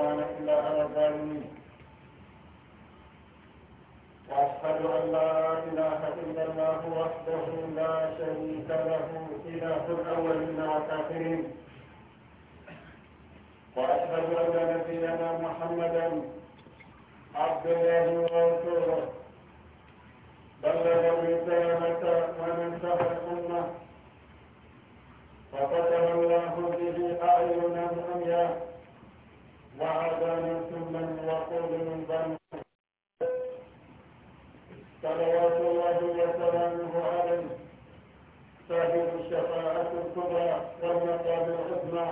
كان إلا على الظالمين وأشهد أن لا إله إلا الله وحده لا شريك له إله الأولين والآخرين وأشهد أن نبينا محمدا عبد الله ورسوله بلغ الرسالة ونصح الأمة ففتح الله به أعين الأمياء وعدم سما وقول ظن صلوات الله وسلامه عليه صاحب الشفاعة الكبرى والمقام العظمى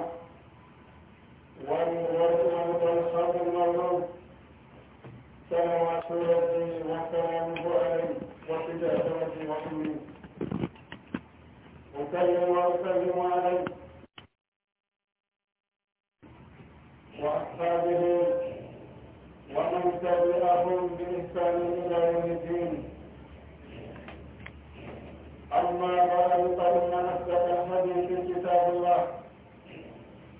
والمرض والخط المولود صلوات ربي وسلامه عليه وكتاب ربي وحميه أكلم وأسلم عليه وأصحابه ومن تبعهم بإحسان إلى يوم الدين أما بعد فإن أصدق الحديث كتاب الله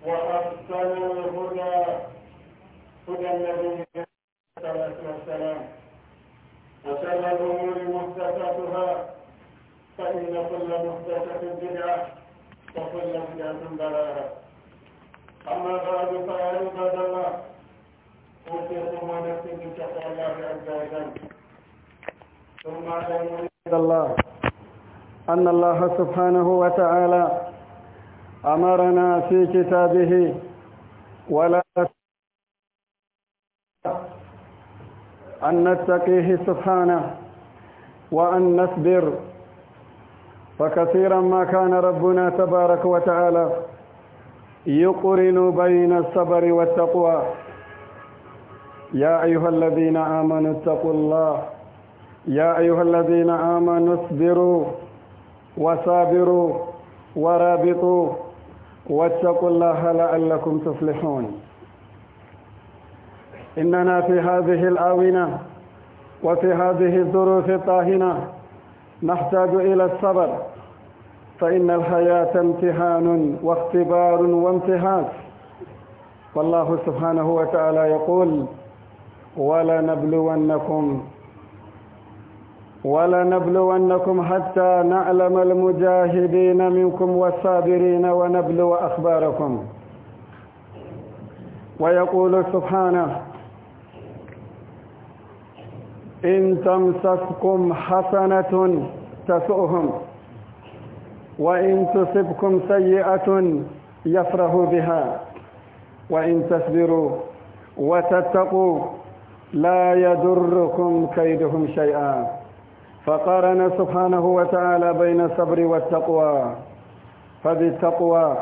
وأحسن الهدى هدى النبي عليه الصلاة والسلام وشر الأمور محدثاتها فإن كل محدثة بدعة وكل بدعة ضلالة أما بعد فيا عباد الله أوصيكم ونفسي بتقوى الله عز وجل ثم اعلموا عباد الله أن الله سبحانه وتعالى أمرنا في كتابه ولا أن نتقيه سبحانه وأن نصبر فكثيرا ما كان ربنا تبارك وتعالى يقرن بين الصبر والتقوى يا أيها الذين آمنوا اتقوا الله يا أيها الذين آمنوا اصبروا وصابروا ورابطوا واتقوا الله لعلكم تفلحون إننا في هذه الآونة وفي هذه الظروف الطاهنة نحتاج إلى الصبر فإن الحياة امتحان واختبار وامتحان والله سبحانه وتعالى يقول ولنبلونكم ولنبلونكم حتى نعلم المجاهدين منكم والصابرين ونبلو أخباركم ويقول سبحانه إن تمسكم حسنة تسؤهم وإن تصبكم سيئة يفرحوا بها وإن تصبروا وتتقوا لا يضركم كيدهم شيئا فقارن سبحانه وتعالى بين الصبر والتقوى فبالتقوى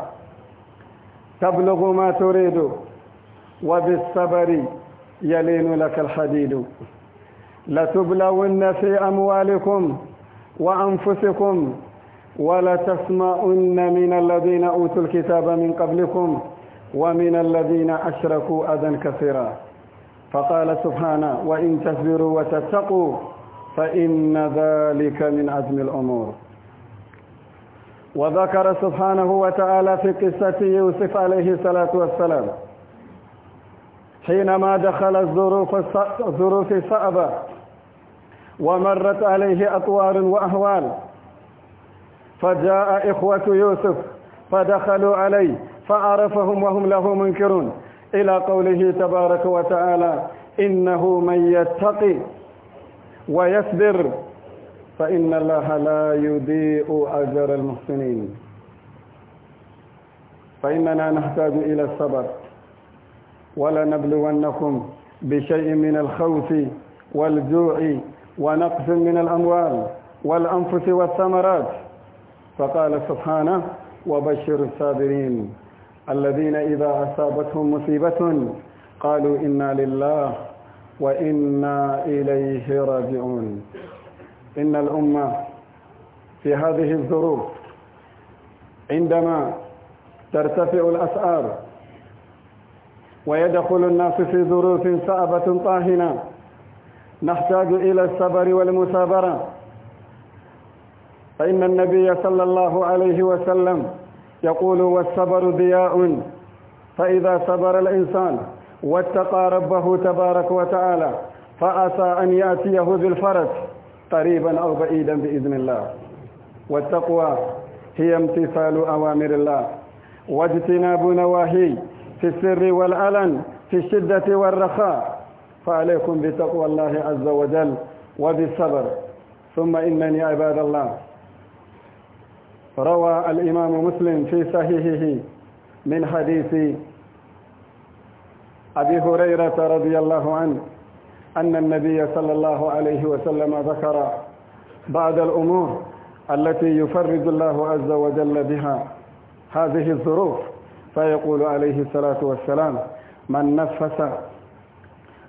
تبلغ ما تريد وبالصبر يلين لك الحديد لتبلون في أموالكم وأنفسكم ولتسمعن من الذين أوتوا الكتاب من قبلكم ومن الذين أشركوا أذى كثيرا فقال سبحانه وإن تصبروا وتتقوا فإن ذلك من عزم الأمور وذكر سبحانه وتعالى في قصة يوسف عليه الصلاة والسلام حينما دخل الظروف الصعبة ومرت عليه أطوار وأهوال فجاء إخوة يوسف فدخلوا عليه فعرفهم وهم له منكرون إلى قوله تبارك وتعالى إنه من يتقي ويصبر فإن الله لا يضيء أجر المحسنين فإننا نحتاج إلى الصبر ولنبلونكم بشيء من الخوف والجوع ونقص من الأموال والأنفس والثمرات فقال سبحانه وبشر الصابرين الذين إذا أصابتهم مصيبة قالوا إنا لله وإنا إليه راجعون إن الأمة في هذه الظروف عندما ترتفع الأسعار ويدخل الناس في ظروف صعبة طاهنة نحتاج إلى الصبر والمثابرة فإن النبي صلى الله عليه وسلم يقول والصبر ضياء فإذا صبر الإنسان واتقى ربه تبارك وتعالى فأسى أن يأتيه بالفرج قريبا أو بعيدا بإذن الله والتقوى هي امتثال أوامر الله واجتناب نواهيه في السر والعلن في الشدة والرخاء فعليكم بتقوى الله عز وجل وبالصبر ثم إنني عباد الله روى الإمام مسلم في صحيحه من حديث أبي هريرة رضي الله عنه أن النبي صلى الله عليه وسلم ذكر بعض الأمور التي يفرد الله عز وجل بها هذه الظروف فيقول عليه الصلاة والسلام من نفس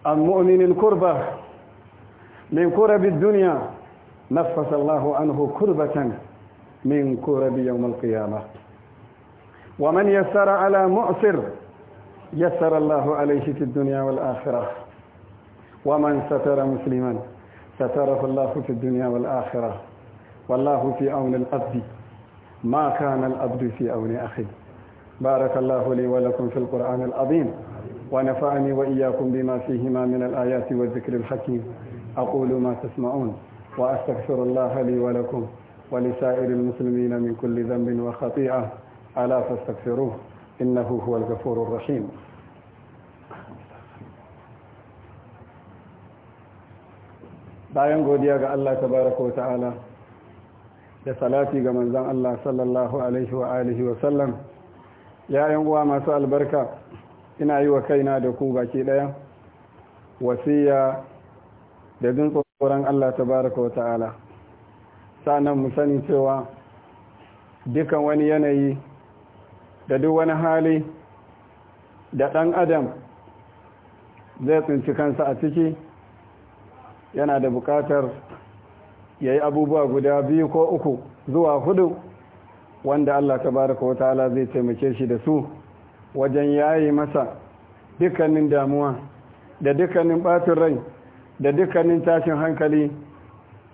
عن مؤمن كربة من كرب الدنيا نفس الله عنه كربة من كرب يوم القيامة ومن يسر على مؤسر يسر الله عليه في الدنيا والآخرة ومن ستر مسلما ستره الله في الدنيا والآخرة والله في عون الأبد ما كان الأبد في عون أخيه بارك الله لي ولكم في القرآن العظيم ونفعني وإياكم بما فيهما من الآيات والذكر الحكيم أقول ما تسمعون وأستغفر الله لي ولكم ولسائر المسلمين من كل ذنب وخطيئة ألا فاستغفروه إنه هو الغفور الرحيم bayan godiya ga Allah tabaraka wa ta'ala da salati ga manzon Allah sallallahu alaihi wa alihi wa sallam yayin uwa masu albarka ina yi wa kaina da ku baki daya wasiya da jin tsoron Allah tabaraka wa ta'ala sa'annan mu sani cewa dukan wani yanayi da duk wani hali da ɗan adam zai tsinci kansa a ciki yana da buƙatar ya yi abubuwa guda biyu ko uku zuwa hudu wanda Allah ka wa ta'ala zai taimake shi da su wajen yayi masa dukkanin damuwa da dukkanin ɓatin rai da dukkanin tashin hankali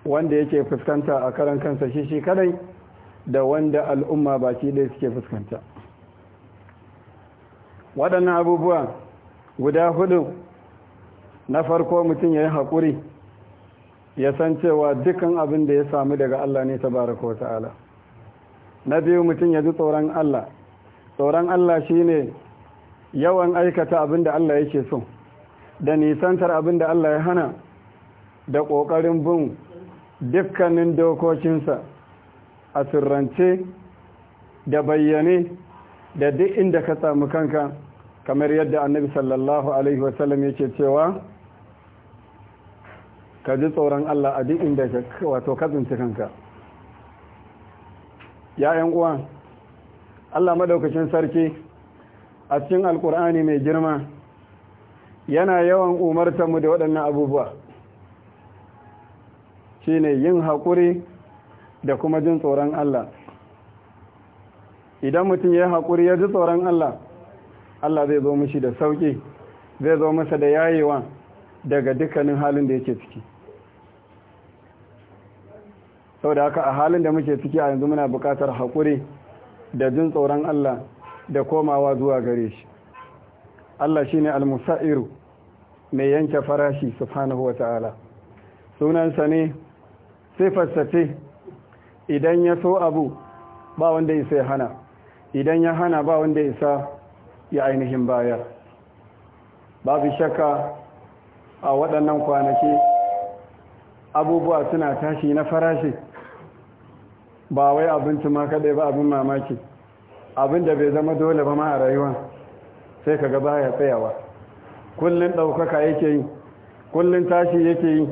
wanda yake fuskanta a karan kansa shi shi kadai da wanda al'umma baki ɗaya suke fuskanta waɗannan abubuwa guda hudu na farko mutum ya yi haƙuri ya san cewa dukkan abin da ya samu daga Allah ne ta wa ta'ala na biyu mutum ya ji tsoron Allah tsoron Allah shi ne yawan aikata abin da Allah yake so da nisantar abin da Allah ya hana da ƙoƙarin bin dukkanin dokokinsa a sirrance da bayyane da duk inda ka samu kanka kamar yadda annabi sallallahu alaihi wasallam yake cewa ka ji tsoron Allah a duk inda ka wato katsinci kanka ya'yan uwa Allah madaukakin sarki a cikin alkur'ani mai girma yana yawan umarta mu da waɗannan abubuwa shine yin haƙuri da kuma jin tsoron Allah idan mutum ya yi haƙuri ya ji tsoron Allah Allah zai zo mishi da sauƙi zai zo masa da yayewa daga dukkanin halin da yake ciki sau da haka a halin da muke ciki a yanzu muna buƙatar haƙuri da jin tsoron Allah da komawa zuwa gare shi Allah shine al-musa'iru mai yanke farashi subhanahu wa ta'ala sunansa ne Sai fassace idan ya so abu ba wanda isa ya hana idan ya hana ba wanda isa ya ainihin baya babu shakka a waɗannan kwanaki abubuwa suna tashi na farashi ba wai abinci ma kaɗai ba abin mamaki abin da bai zama dole ba ma a rayuwa sai ka gaba ya tsayawa kullum ɗaukaka yake yi kullum tashi yake yi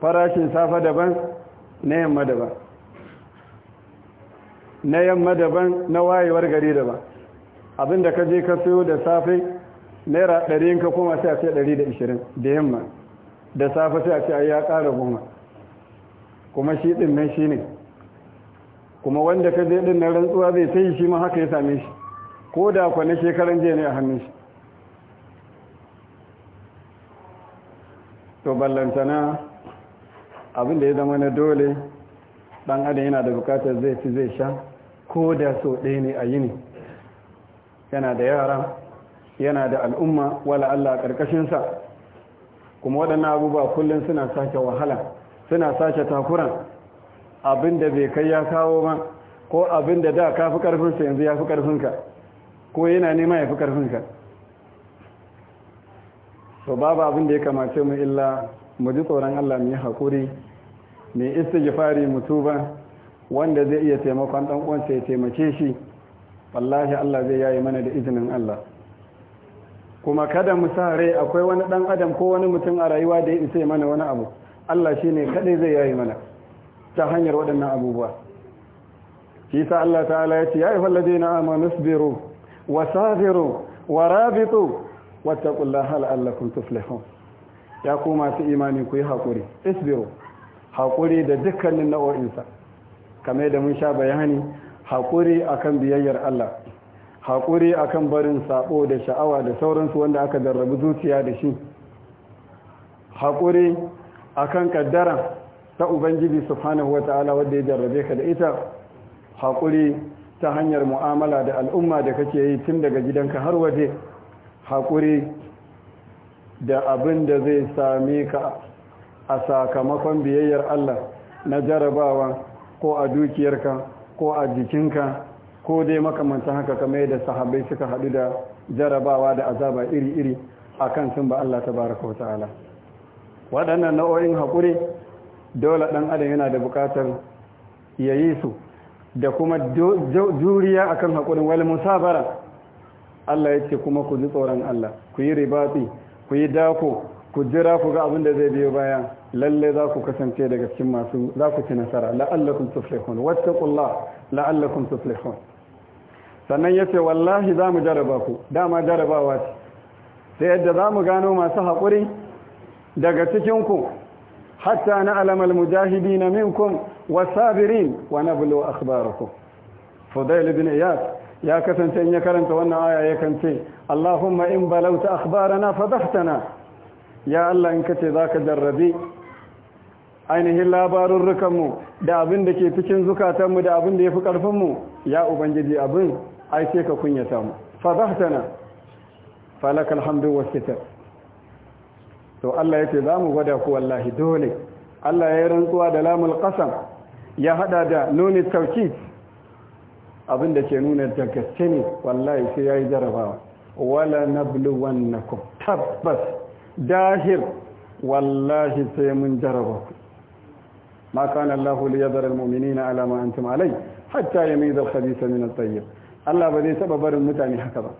farashin safa daban na yamma daban na yamma daban na wayewar gari daban abinda ka je ka siyo da safe naira ɗari ka koma sai a ce ɗari da ishirin da yamma da safe sai a ce ya ƙara goma kuma shi ɗin nan shi ne kuma wanda ka je ɗin na rantsuwa zai sai shi ma haka ya same shi ko da kwane shekaran jiya ne a hannun shi to ballantana abin da ya zama na dole dan adam yana da bukatar zai ci zai sha ko da so ɗaya ne a yi ne yana da yara yana da al'umma wala Allah ƙarƙashinsa kuma waɗannan abubuwa kullum suna sake wahala suna sake takuran abin da bai kai ya kawo ba ko abin da da ka fi ƙarfinsa yanzu ya fi ƙarfinka ko yana nema ya fi ƙarfinka so babu abin da ya kamace mu illa mu ji tsoron Allah mu yi haƙuri mu istighfari mu tuba wanda zai iya taimakon ɗan uwansa ya taimake shi wallahi Allah zai yayi mana da izinin Allah kuma kada mu sa rai akwai wani dan adam ko wani mutum a rayuwa da ya isa mana wani abu Allah shi ne kaɗai zai yayi mana ta hanyar waɗannan abubuwa shi sa Allah ta'ala ya ce ya ayyuhal ladina amanu sabiru wa sabiru wa rabitu wattaqullaha la'allakum tuflihun ya koma su imani ku yi haƙuri isbiro haƙuri da dukkanin na'o'insa kamar da mun sha bayani haƙuri akan biyayyar Allah haƙuri akan barin sabo da sha'awa da sauransu wanda aka jarrabu zuciya da shi haƙuri akan kaddara ta ubangiji subhanahu wata'ala wanda ya jarrabe ka da ita haƙuri ta hanyar mu'amala da al'umma da kake yi tun daga gidanka har waje haƙuri da abin da zai same ka a sakamakon biyayyar Allah na jarabawa ko a dukiyarka ko a jikinka ko dai makamantan haka kamar yadda sahabbai suka haɗu da jarabawa da azaba iri-iri a kan sun ba Allah Ta wa ta'ala waɗannan nau'o'in haƙuri dole ɗan adam yana da buƙatar ya yi su da kuma juriya a akan haƙurin wal musabara Allah ya ce kuma ku ji tsoron Allah ku yi ribati ku yi dako ku jira ku ga abin da zai biyo baya lalle za ku kasance daga cikin masu za ku ci nasara la'allakum tuflihun wattaqullah la'allakum tuflihun sannan yace wallahi za mu jaraba ku dama jarabawa ce sai yadda za mu gano masu haƙuri daga cikin ku hatta na alamal mujahidin minkum wasabirin wa nablu akhbarakum fudail ibn iyas ya kasance in ya karanta wannan aya yakan ce Allahumma in balauta akhbarana fadahtana ya Allah in kace zaka jarrabe ainihin labarun rukanmu da abin da ke cikin zukatanmu da abin da yafi karfin mu ya ubangiji abin ai sai ka kunyata mu fadahtana falakal hamdu wassitar to Allah yace zamu gwada ku wallahi dole Allah ya yi rantsuwa da lamul qasam ya hada da nuni tawkid abin da ke nuna gaske ne wallahi sai ya yi jarabawa wala na ku tabbas dahir wallahi sai mun jaraba ku ma kana Allah liyadhara na alama an antum alai hatta zafi alkhabitha min na tsaye. Allah ba zai taba barin mutane haka ba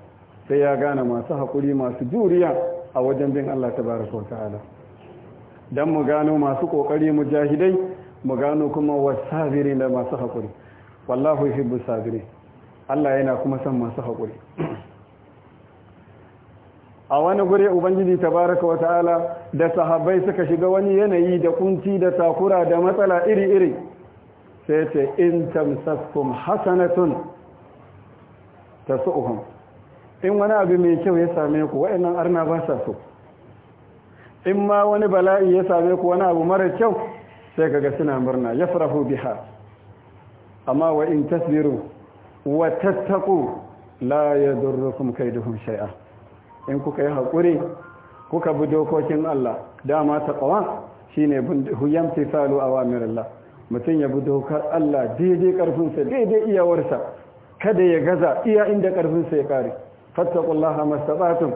sai ya gane masu haƙuri masu juriya a wajen bin Allah ta wa ta'ala dan mu gano masu ƙoƙari mu jahidai mu gano kuma wasabiri da masu haƙuri. wallahu yuhibbu sabiri Allah yana kuma san masu haƙuri a wani gure ubangiji tabaraka wa ta'ala da sahabbai suka shiga wani yanayi da kunci da takura da matsala iri-iri sai ce in tamsaskum hasanatun tasu'uhum in wani abu mai kyau ya same ku wa'annan arna ba sa so in ma wani bala'i ya same ku wani abu mara kyau sai kaga suna murna yafrahu biha amma wa in tasbiru wa tattaku la yadurrukum kaiduhum shay'a in kuka yi hakuri kuka bi dokokin Allah dama taqwa shine bin huyam tisalu awamirillah mutum ya bi dokar Allah daidai sa daidai iyawarsa kada ya gaza iya inda sa ya kare fattaqullaha mastata'tum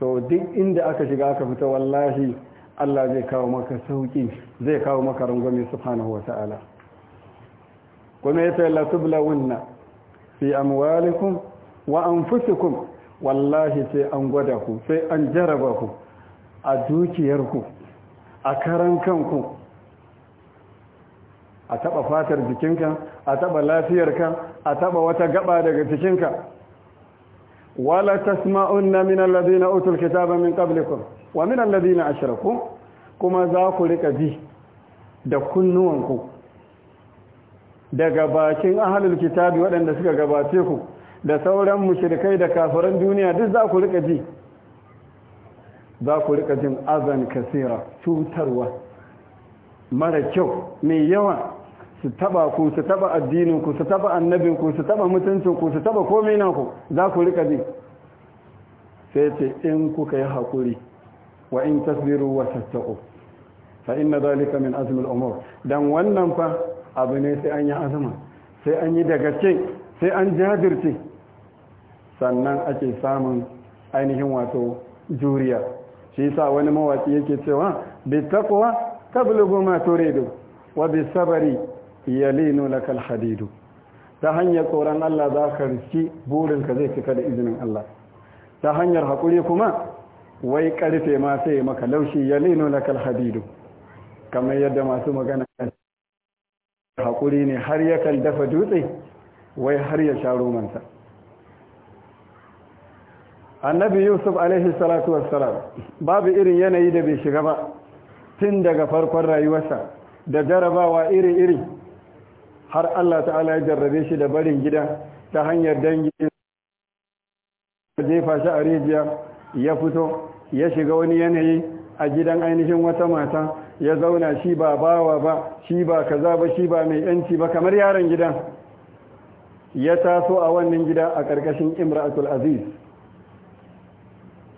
to duk inda aka shiga aka fita wallahi Allah zai kawo maka sauki zai kawo maka rungume subhanahu wata'ala kuma yace la tublawunna fi amwalikum wa anfusikum wallahi sai an gwada ku sai an jaraba ku a dukiyarku a karan kanku a taba fatar jikinka a taba lafiyarka a taba wata gaba daga jikinka wala tasma'unna min alladhina utul kitaba min qablikum wa min alladhina ashraku kuma za ku rika bi da kunnuwanku daga bakin ahalul kitabi waɗanda suka gabace ku da sauran mushrikai da kafiran duniya duk za ku rika ji za ku rika jin azan kasira cutarwa mara kyau mai yawa su taba ku su taba addinin ku su taba annabin ku su taba mutuncin ku su taba komai na ku za ku rika ji sai ce in kuka yi hakuri wa in tasbiru wa tattaqu fa inna zalika min azmi umur dan wannan fa abu ne sai an yi azuma sai an yi ce sai an jajirce sannan ake samun ainihin wato juriya shi sa wani mawaki yake cewa bi ta tablughu ma turidu wa bi sabri yalinu lakal hadidu ta hanyar tsoron Allah za ka riski ka zai cika da izinin Allah ta hanyar hakuri kuma wai ƙarfe ma sai maka laushi ya lino na kalhadidu kamar yadda masu magana hakuri ne har yakan dafa dutse wai har ya sha romansa annabi yusuf alaihi salatu wassalam babu irin yanayi da bai shiga ba tun daga farkon rayuwarsa da jarabawa iri-iri har allah ta'ala ya jarrabe shi da barin gida ta hanyar dangi jefa shi a rijiya ya fito ya shiga wani yanayi a gidan ainihin wata mata ya zauna shi ba bawa ba shi ba kaza ba shi ba mai yanci ba kamar yaron gidan ya taso a wannan gida a ƙarƙashin imratul aziz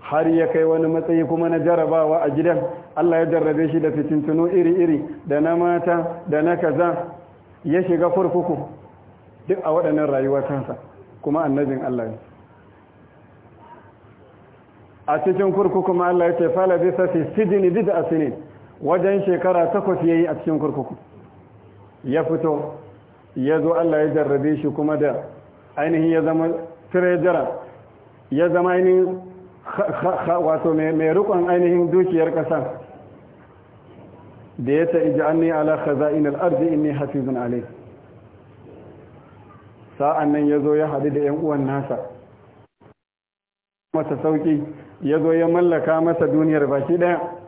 har ya kai wani matsayi kuma na jarabawa a gidan Allah ya jarrabe shi da fitintunu iri-iri da na mata da na kaza ya shiga kurkuku duk a waɗannan rayuwar kansa kuma annabin Allah ne a cikin kurkuku ma Allah ya ce fala bisa fi sijini bid'a sinin wajen shekara takwas ya yi a cikin kurkuku ya fito ya zo Allah ya jarrabe shi kuma da ainihin ya zama tirejara ya zama ainihin wato mai rikon ainihin dukiyar ƙasa da ya ta iji an ne ala khaza'in al'arzi in ne hafizun alai sa'an nan ya zo ya haɗu da 'yan uwan nasa masa sauƙi ya zo ya mallaka masa duniyar baki ɗaya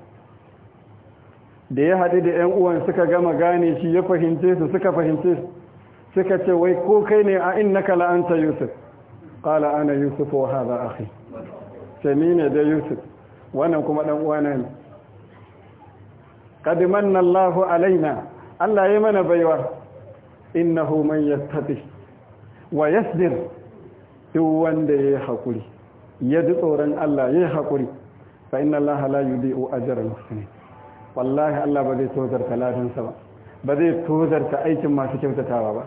da ya haɗu da 'yan uwan suka gama gane shi ya fahimce su suka fahimce su suka ce wai ko kai ne a inna kala an ta yusuf ƙala ana yusuf wa haza akhi ce ni ne da yusuf wannan kuma ɗan uwana ne qad manna Allahu alaina Allah ya mana baiwa innahu man ya yattaqi wa yasbir duk wanda ya yi hakuri ya ji tsoron Allah ya yi hakuri fa inna Allaha la yudhi'u ajra al-muhsinin wallahi Allah ba zai tozarta ladansa ba ba zai ta aikin masu kyautatawa ba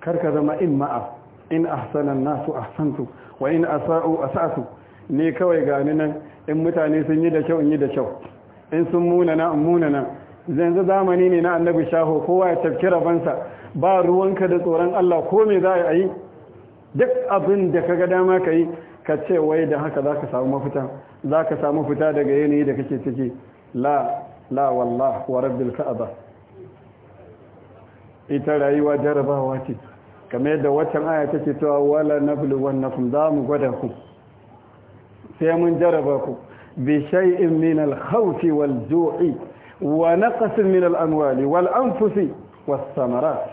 karka zama in ma'a in ahsanan nasu ahsantu wa in asa'u sa'asu ne kawai gani nan in mutane sun yi da kyau in yi da kyau in sun munana in munana yanzu zamani ne na annabi shaho kowa ya tafki rabansa ba ruwanka da tsoron Allah ko me za a yi duk abin da kaga dama ka yi ka ce wai da haka za ka samu mafita za ka samu fita daga yanayi da kake ciki la la wallah wa rabbil ka'aba ita rayuwa jarabawa ce kamar yadda waccan aya ce cewa wala nabluwannakum za mu gwada ku sai mun jaraba ku bi shay'in min al-khawf wal-ju'i wa naqsin min al-amwali wal-anfusi was-samarat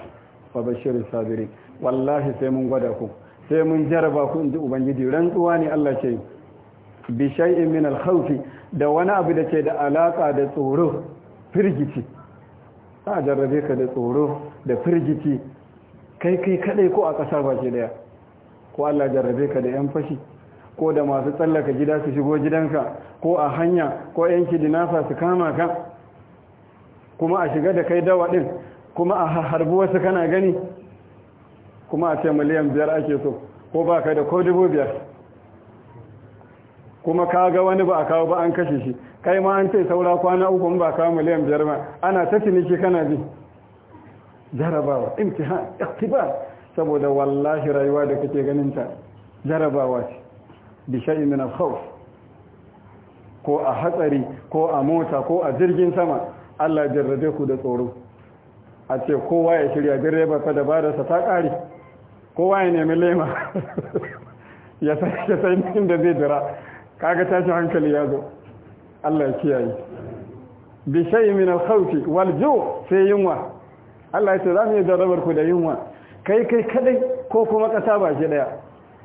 wa bashir sabirin wallahi sai mun gwada ku sai mun jaraba ku inji ubangiji rantsuwa ne Allah ce bi shay'in min al da wani abu da ke da alaka da tsoro firgici a jarrabe ka da tsoro da firgici kai kai kadai ko a ba baki daya ko Allah jarrabe ka da yan fashi ko da masu tsallaka gida su shigo gidanka ko a hanya ko yan dinasa su kama ka kuma a shiga da kai dawa din kuma a harbi wasu kana gani kuma a ce miliyan biyar ake so ko ba ka da ko dubu biyar kuma ka ga wani ba a kawo ba an kashe shi kai ma an ce saura kwana uku ba kawo miliyan biyar ba ana ta ciniki kana bi jarabawa imtihan iktibar saboda wallahi rayuwa da kake ganin ta jarabawa ce bi sha'i min al-khawf ko a hatsari ko a mota ko a jirgin sama Allah jarrabe ku da tsoro a ce kowa ya shirya direba fa sa ta kare kowa ya nemi lema ya sai inda zai jira kaga tashi hankali ya zo Allah ya kiyaye bi shay min al khawf wal ju' sai yunwa Allah ya ce za mu jarrabar ku da yunwa kai kai kadai ko kuma kasa ba shi daya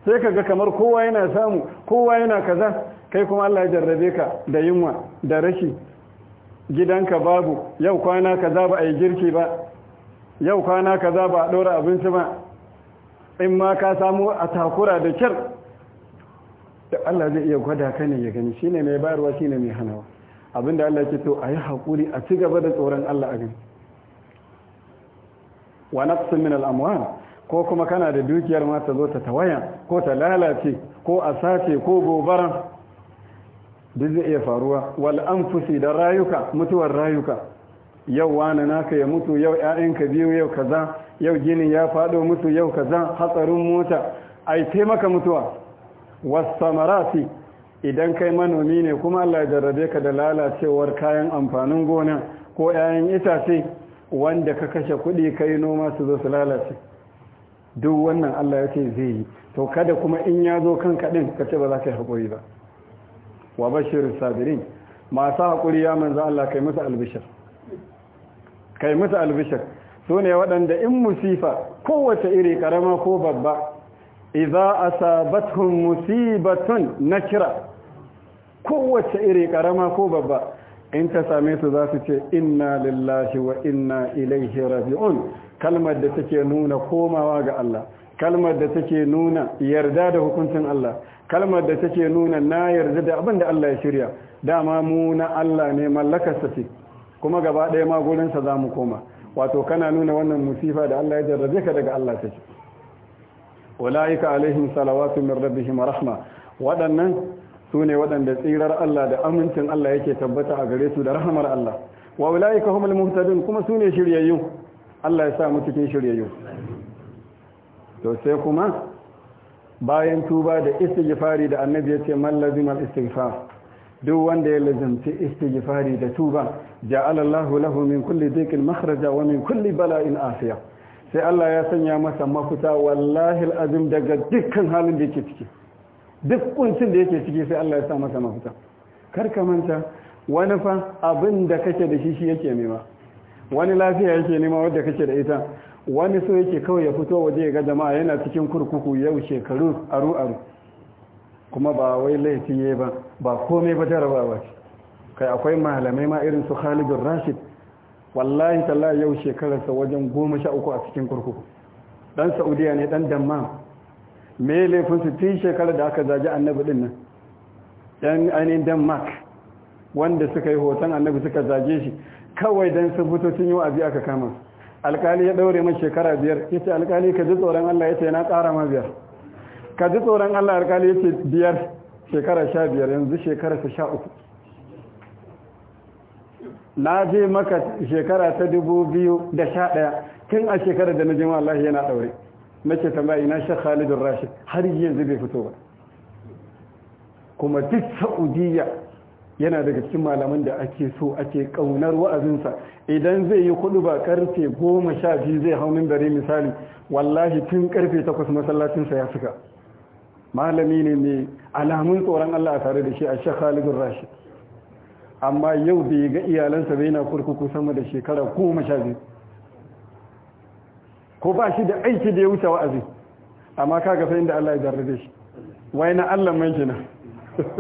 sai kaga kamar kowa yana samu kowa yana kaza kai kuma Allah ya jarrabe ka da yunwa da rashi gidanka babu yau kwana kaza ba a yi girki ba yau kwana kaza ba a ɗora abinci ba in ma ka samu a takura da kyar da Allah zai iya gwada ka ne ya gani shi ne mai bayarwa ne mai hanawa abinda Allah ke to yi hakuri a ci gaba da tsoron Allah a gani wa naqsin min al ko kuma kana da dukiyar ma ta zo ta tawaya ko ta lalace ko a sace ko gobara duk zai iya faruwa wal anfusi da rayuka mutuwar rayuka yau wani naka ya mutu yau ƴaƴanka biyu yau kaza yau ginin ya faɗo mutu yau kaza hatsarin mota ai taimaka mutuwa wasamarati idan kai manomi ne kuma Allah ya jarrabe ka da lalacewar kayan amfanin gona ko 'ya'yan itace wanda ka kashe kuɗi kai noma su zo su lalace duk wannan Allah ya ce zai yi to kada kuma in ya zo kan kaɗin ka ce ba za ka yi haƙuri ba wa bashir sabirin masu haƙuri ya manzo Allah kai musu albishir kai musu albishir su ne waɗanda in musifa kowace iri ƙarama ko babba Iza idza asabatuhum musibatun kira kowace iri karama ko babba in ta same su za su ce inna lillahi wa inna ilaihi raji'un kalmar da take nuna komawa ga Allah kalmar da take nuna yarda da hukuncin Allah kalmar da take nuna na yarda da abin da Allah ya shirya dama mu na Allah ne sa ce kuma gaba ɗaya ma gurinsa za mu koma wato kana nuna wannan musifa da Allah ya jarrabe ka daga Allah take ulaika alaihim salawatu min rabbihim rahma waɗannan su ne waɗanda tsirar Allah da amincin Allah yake tabbata a gare su da rahamar Allah wa ulaika humul muhtadin kuma su ne shiryayyu Allah ya sa mu cikin shiryayyu to sai kuma bayan tuba da istighfari da annabi yace ce man lazimal istighfar duk wanda ya lazimci istighfari da tuba ja'ala Allahu lahu min kulli dhiqin makhraja wa min kulli bala'in afiya sai Allah ya sanya masa mafita wallahi azim daga dukkan halin da yake ciki duk kuncin da yake ciki sai Allah ya sa masa mafita kar ka manta wani fa abin da kake da shi shi yake nema wani lafiya yake nema wadda kake da ita wani so yake kawai ya fito waje ya ga jama'a yana cikin kurkuku yau shekaru aru aru kuma ba wai laifi ba ba komai ba jarabawa ce kai akwai malamai ma irin su Khalid Rashid wallahi tallahi yau shekararsa wajen goma sha uku a cikin kurkuku dan saudiya ne dan damma me laifin su tun shekarar da aka zaji annabi ɗin nan ɗan ainihin denmark wanda suka yi hoton annabi suka zaje shi kawai dan sun fito sun yi wa'azi aka kama alkali ya daure mai shekara biyar ya ce alkali ka ji tsoron allah ya ce na ƙara ma biyar ka ji tsoron allah alkali ya ce biyar shekara sha biyar yanzu shekararsa sha uku na je maka shekara ta dubu biyu da sha ɗaya tun a shekarar da na je wallahi yana ɗaure nake tambaya ina shi halidun rashid har yanzu bai fito ba kuma duk saudiya yana daga cikin malaman da ake so ake kaunar sa idan zai yi kudu ba karfe goma sha biyu zai hau dare misali wallahi tun karfe takwas masallacinsa ya fika malami ne mai alamun tsoron allah a tare da shi a sha khalidun rashid amma yau bai ga iyalansa bai na kurkuku sama da shekara goma sha biyu ko ba shi da aiki da ya wuce wa'azi amma ka sai inda Allah ya jarrabe shi wai na Allah mai kina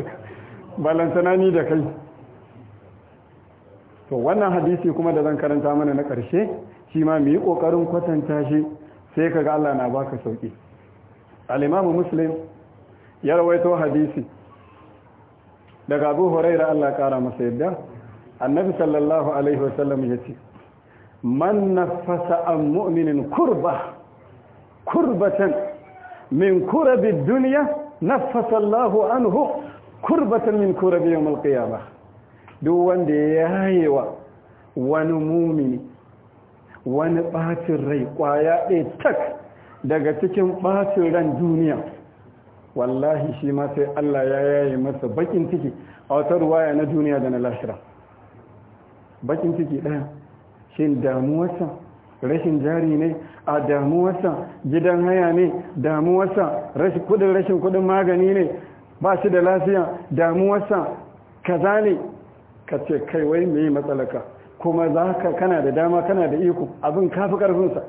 balantana ni da kai to wannan hadisi kuma da zan karanta mana na karshe. shi ma mu yi ƙoƙarin kwatanta shi sai ka ga Allah na baka sauki al-Imam Muslim ya rawaito hadisi daga abu huraira Allah kara masa yadda annabi sallallahu alaihi wasallam ya ce man nafasa an mu'minin kurba kurbatan min kurabi duniya nafasa Allah anhu kurbatan min kurabi yawmal qiyamah duk wanda ya yayewa wani mumini wani bacin rai kwaya ɗaya tak daga cikin bacin ran duniya wallahi shi ma sai Allah ya yaye masa bakin ciki a wata ruwaya na duniya da na lashira bakin ciki ɗaya shin damuwarsa rashin jari ne a damuwarsa gidan haya ne damuwarsa kudin rashin kudin magani ne ba shi da lafiya damuwarsa kaza ne ka ce kai wai mai matsalaka kuma za ka kana da dama kana da iko abin kafi karfinsa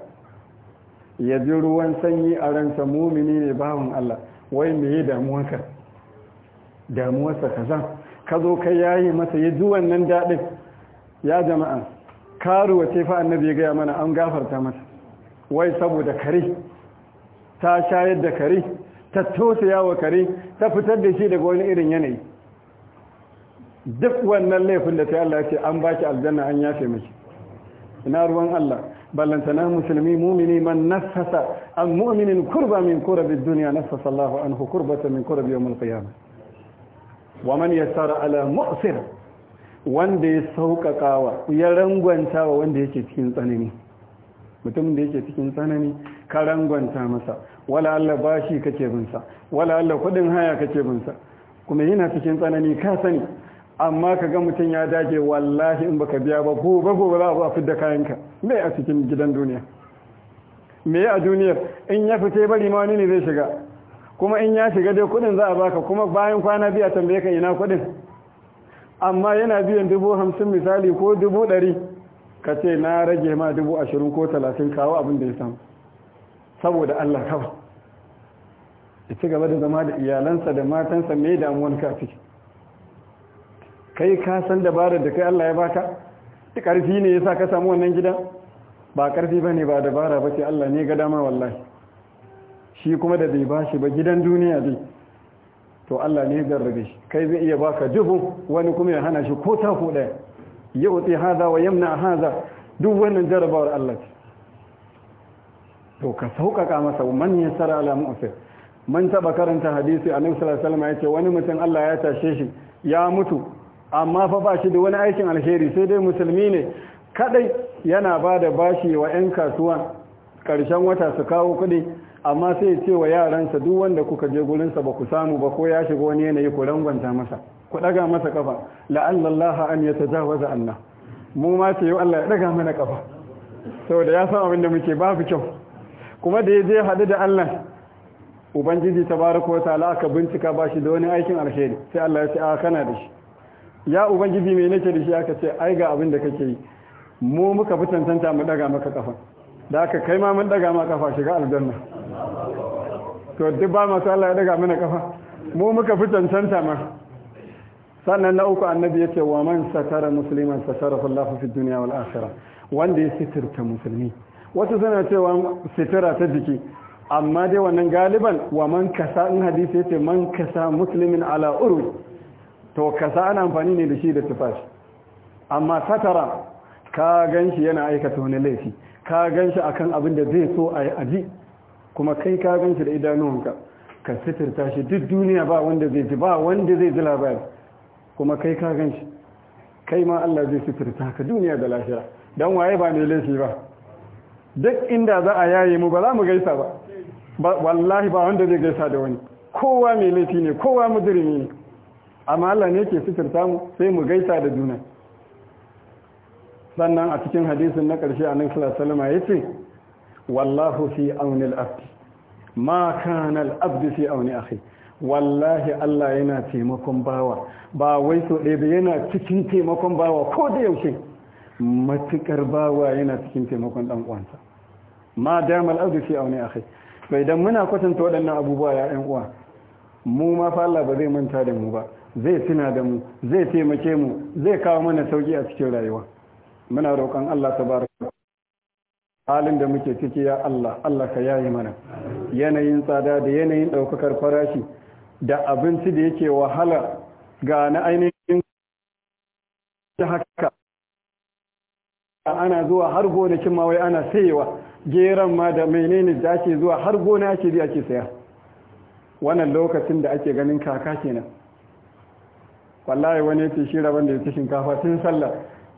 ya ji ruwan sanyi a ransa mumini ne bawon Allah wai me yi damuwanka damuwarsa zan ka zo ka yayi masa ya ji wannan daɗin ya jama'a karuwa ce fa annabi ya gaya mana an gafarta mata wai saboda kare ta shayar da kare ta tosa yawa kare ta fitar da shi daga wani irin yanayi duk wannan laifin da ta yi Allah ce an baki aljanna an yafe mashi ina ruwan Allah ballantana musulmi mumini man nafasa an mu'minin kurba min kurabi duniya nafasa Allahu anhu kurbata min kurabi yawmul qiyamah wa man yassara ala mu'sir wanda ya sauƙaƙawa ya rangwantawa wanda yake cikin tsanani mutum da yake cikin tsanani ka rangwanta masa wala Allah bashi kake bin sa wala Allah kudin haya kake bin sa kuma yana cikin tsanani ka sani amma ka ga mutum ya dage wallahi in baka biya ba gobe gobe za a fi da kayanka bai a cikin gidan duniya me a duniyar in ya fice bari ma wani ne zai shiga kuma in ya shiga dai kudin za a baka kuma bayan kwana biya tambaye kan ina kudin amma yana biyan dubu hamsin misali ko dubu ɗari ka ce na rage ma dubu ashirin ko talatin kawo abin da ya samu saboda allah kawai ya ci gaba da zama da iyalansa da matansa mai damuwan kafi kai ka san dabarar da kai allah ya baka ƙarfi ne yasa ka samu wannan gida ba ƙarfi ba ne ba dabara ba ce Allah ne ga dama wallahi shi kuma da ba bashi ba gidan duniya zai to Allah ne zarrabe shi kai zai iya baka dubu wani kuma ya hana shi ko ta ko ɗaya ya utsi haza wa yamna haza duk wannan jarabawar Allah ce to ka sauƙaƙa masa man alamu a mu'sir man taɓa karanta hadisi a sallallahu alaihi ya ce wani mutum Allah ya tashe shi ya mutu amma fa ba shi da wani aikin alheri sai dai musulmi ne kadai yana ba da bashi wa 'yan kasuwan karshen wata su kawo kuɗi amma sai ce wa yaransa duk wanda kuka je gurinsa ba ku samu ba ko ya shiga wani yanayi ku rangwanta masa ku daga masa kafa la'allallaha an ya tajawaza Allah mu ma ce yau Allah ya daga mana kafa saboda ya san abin da muke babu kyau kuma da ya je hadu da Allah ubangiji tabaraka wa ta'ala aka bincika ba shi da wani aikin alheri sai Allah ya ce a kana da shi ya ubangiji me nake da shi aka ce ai ga abin da kake yi mu muka fi tantanta mu daga maka kafa da aka kai ma mun daga ma kafa shiga aljanna to duk ba masu Allah ya daga mana kafa mu muka fi tantanta ma sannan na uku annabi ya ce wa man satara musliman satara Allahu fi dunya wal akhirah wanda ya sitirta musulmi wasu suna cewa sitira ta jiki amma dai wannan galiban wa man kasa in hadisi yace man kasa muslimin ala urwi to kasa ana amfani ne da shi da tufashi amma satara ka gan shi yana aikata wani laifi ka gan shi akan abin da zai so a yi aji kuma kai ka gan shi da idanuwanka ka sitirta shi duk duniya ba wanda zai ji ba wanda zai ji labari kuma kai ka gan shi kai ma Allah zai sitirta ka duniya da lafiya don waye ba mai laifi ba duk inda za a yaye mu ba za mu gaisa ba wallahi ba wanda zai gaisa da wani kowa mai laifi ne kowa mujrimi ne amma Allah ne ke sitar mu sai mu gaisa da juna sannan a cikin hadisin na ƙarshe a sallallahu Salama ya ce wallahu fi auni al ma kana fi auni akhi wallahi Allah yana taimakon bawa ba wai so ɗaya yana cikin taimakon bawa ko da yaushe matukar bawa yana cikin taimakon ɗan uwansa ma damar abd fi auni akhi bai don muna kwatanta waɗannan abubuwa ya ƴan uwa mu ma fa Allah ba zai manta da mu ba zai tuna da mu zai taimake mu zai kawo mana sauki a cikin rayuwa muna roƙon Allah tabaraka halin da muke ciki ya Allah Allah ka yayi mana yanayin tsada da yanayin ɗaukakar farashi da abinci da yake wahala ga na ainihin ta haka ana zuwa har gonakin ma wai ana sayewa geran ma da menene da ake zuwa har gona ake bi ake saya wannan lokacin da ake ganin kaka kenan wallahi wani yace shi rabon da yake shinkafa tun sallah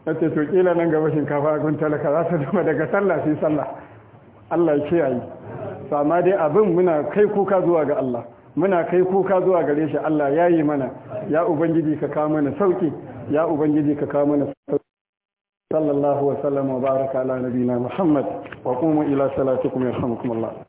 nace to kila nan gaba shinkafa gun talaka za ta duma daga sallah sai sallah Allah ya kiyaye to amma dai abin muna kai kuka zuwa ga Allah muna kai kuka zuwa gare shi Allah ya yi mana ya ubangiji ka kawo mana sauki ya ubangiji ka kawo mana sauki sallallahu wa sallam wa baraka ala nabiyina muhammad wa qumu ila salatikum yarhamukum allah